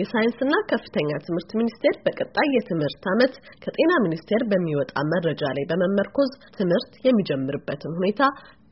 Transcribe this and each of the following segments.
የሳይንስና ከፍተኛ ትምህርት ሚኒስቴር በቀጣይ የትምህርት ዓመት ከጤና ሚኒስቴር በሚወጣ መረጃ ላይ በመመርኮዝ ትምህርት የሚጀምርበትን ሁኔታ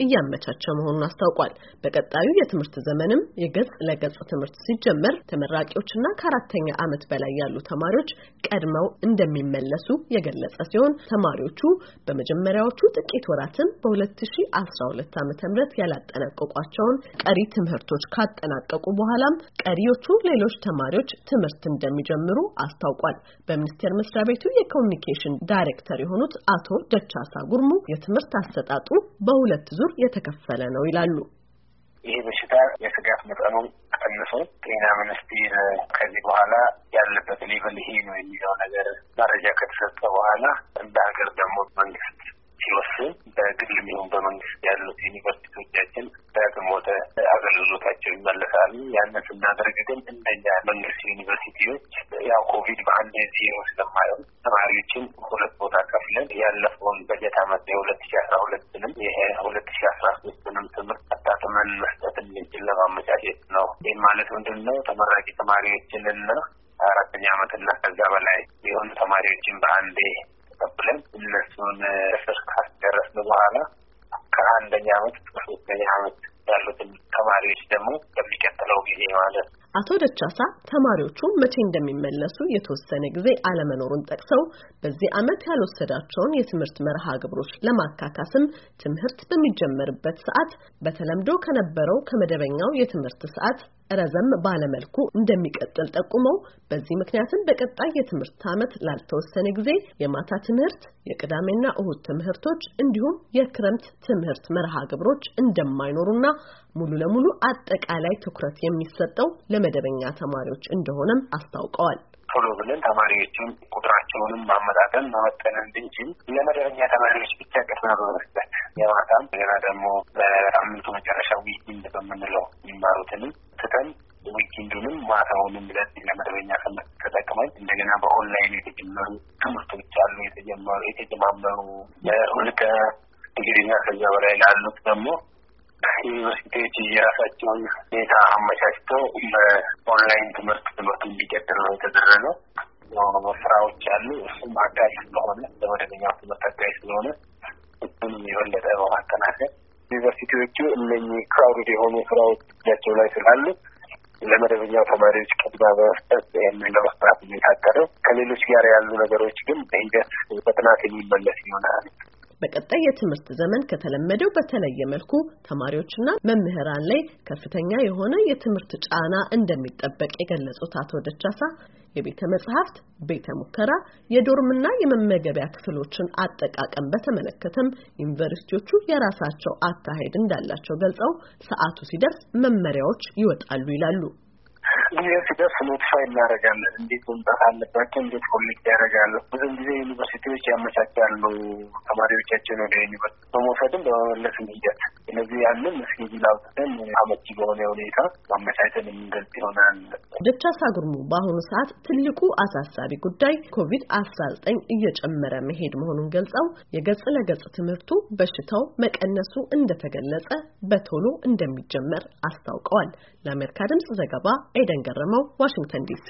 እያመቻቸ መሆኑን አስታውቋል። በቀጣዩ የትምህርት ዘመንም የገጽ ለገጽ ትምህርት ሲጀመር ተመራቂዎችና ከአራተኛ ዓመት በላይ ያሉ ተማሪዎች ቀድመው እንደሚመለሱ የገለጸ ሲሆን ተማሪዎቹ በመጀመሪያዎቹ ጥቂት ወራትም በ2012 ዓ.ም ያላጠናቀቋቸውን ቀሪ ትምህርቶች ካጠናቀቁ በኋላም ቀሪዎቹ ሌሎች ተማሪዎች ትምህርት እንደሚጀምሩ አስታውቋል። በሚኒስቴር መስሪያ ቤቱ የኮሚኒኬሽን ዳይሬክተር የሆኑት አቶ ደቻሳ ጉርሙ የትምህርት አሰጣጡ በሁለት ዙር የተከፈለ ነው ይላሉ። ይህ በሽታ የስጋት መጠኑን ቀንሶ ጤና ሚኒስቴር ከዚህ በኋላ ያለበት ሌቨል ይሄ ነው የሚለው ነገር መረጃ ከተሰጠ በኋላ እንደ ሀገር ደግሞ መንግስት ሲወስን በግል የሚሆን በመንግስት ያሉት ዩኒቨርሲቲዎቻችን ዳግም ወደ አገልግሎታቸው ይመለሳሉ። ያንን ስናደርግ ግን እንደኛ መንግስት ዩኒቨርሲቲዎች ያው ኮቪድ በአንድ ዜሮ ስለማየው ተማሪዎችን ሁለት ቦታ ከፍለን ያለፈውን በጀት አመት የሁለት ሺ አስራ ሁለትንም ይሄ ሁለት ሺ አስራ ሶስትንም ትምህርት አጣጥመን መስጠት እንችል ለማመቻቸት ነው። ይህ ማለት ምንድን ነው? ተመራቂ ተማሪዎችንና አራተኛ አመትና ከዛ በላይ የሆኑ ተማሪዎችን በአንዴ ብለን እነሱን ሪሰርች ካስደረስን በኋላ ከአንደኛ አመት ከሶስተኛ አመት ያሉትን ተማሪዎች ደግሞ ማለት አቶ ደቻሳ ተማሪዎቹ መቼ እንደሚመለሱ የተወሰነ ጊዜ አለመኖሩን ጠቅሰው በዚህ ዓመት ያልወሰዳቸውን የትምህርት መርሃ ግብሮች ለማካካስም ትምህርት በሚጀመርበት ሰዓት በተለምዶ ከነበረው ከመደበኛው የትምህርት ሰዓት ረዘም ባለመልኩ እንደሚቀጥል ጠቁመው በዚህ ምክንያትም በቀጣይ የትምህርት ዓመት ላልተወሰነ ጊዜ የማታ ትምህርት፣ የቅዳሜና እሁድ ትምህርቶች እንዲሁም የክረምት ትምህርት መርሃ ግብሮች እንደማይኖሩና ሙሉ ለሙሉ አጠቃላይ ትኩረት የሚሰ የሚሰጠው ለመደበኛ ተማሪዎች እንደሆነም አስታውቀዋል። ቶሎ ብለን ተማሪዎችን ቁጥራቸውንም ማመጣጠን መመጠንን ብንችል ለመደበኛ ተማሪዎች ብቻ ቅድሚያ በመስጠት የማታም ገና ደግሞ በሳምንቱ መጨረሻ ዊኪንድ በምንለው የሚማሩትንም ትተን ዊኪንዱንም ማታውንም ብለን ለመደበኛ ተጠቅመን እንደገና በኦንላይን የተጀመሩ ትምህርቶች አሉ። የተጀመሩ የተጀማመሩ ለሁልከ ዲግሪና ከዚያ በላይ ላሉት ደግሞ ዩኒቨርሲቲዎች የራሳቸውን ሁኔታ አመቻችተው በኦንላይን ትምህርት ትምህርቱ እንዲቀጥል ነው የተደረገው። ስራዎች አሉ። እሱም አጋዥ ስለሆነ ለመደበኛው ትምህርት አጋዥ ስለሆነ እሱንም የበለጠ በማጠናከር ዩኒቨርሲቲዎቹ እነኚህ ክራውድድ የሆኑ ስራዎች እጃቸው ላይ ስላሉ ለመደበኛው ተማሪዎች ቅድሚያ በመስጠት ይህንን ለመስራት እየታቀደ ከሌሎች ጋር ያሉ ነገሮች ግን በሂደት በጥናት የሚመለስ ይሆናል። በቀጣይ የትምህርት ዘመን ከተለመደው በተለየ መልኩ ተማሪዎችና መምህራን ላይ ከፍተኛ የሆነ የትምህርት ጫና እንደሚጠበቅ የገለጹት አቶ ደቻሳ የቤተ መጽሐፍት፣ ቤተ ሙከራ፣ የዶርምና የመመገቢያ ክፍሎችን አጠቃቀም በተመለከተም ዩኒቨርሲቲዎቹ የራሳቸው አካሄድ እንዳላቸው ገልጸው ሰዓቱ ሲደርስ መመሪያዎች ይወጣሉ ይላሉ። ጊዜ ሲደርስ ኖቲፋይ እናደርጋለን። እንዴት መምጣት አለባቸው፣ እንዴት ኮሌክት ያደርጋሉ። ብዙን ጊዜ ዩኒቨርሲቲዎች ያመቻቻሉ ተማሪዎቻቸውን ወደ ዩኒቨርሲቲ በመውሰድም በመመለስ ሂደት። እነዚህ ያንን እስኬጁል አውጥተን አመቺ በሆነ ሁኔታ ማመቻቸን የምንገልጽ ይሆናል። ደቻሳ ጉርሙ በአሁኑ ሰዓት ትልቁ አሳሳቢ ጉዳይ ኮቪድ አስራ ዘጠኝ እየጨመረ መሄድ መሆኑን ገልጸው የገጽ ለገጽ ትምህርቱ በሽታው መቀነሱ እንደተገለጸ በቶሎ እንደሚጀመር አስታውቀዋል። ለአሜሪካ ድምጽ ዘገባ ኤደን ገረመው፣ ዋሽንግተን ዲሲ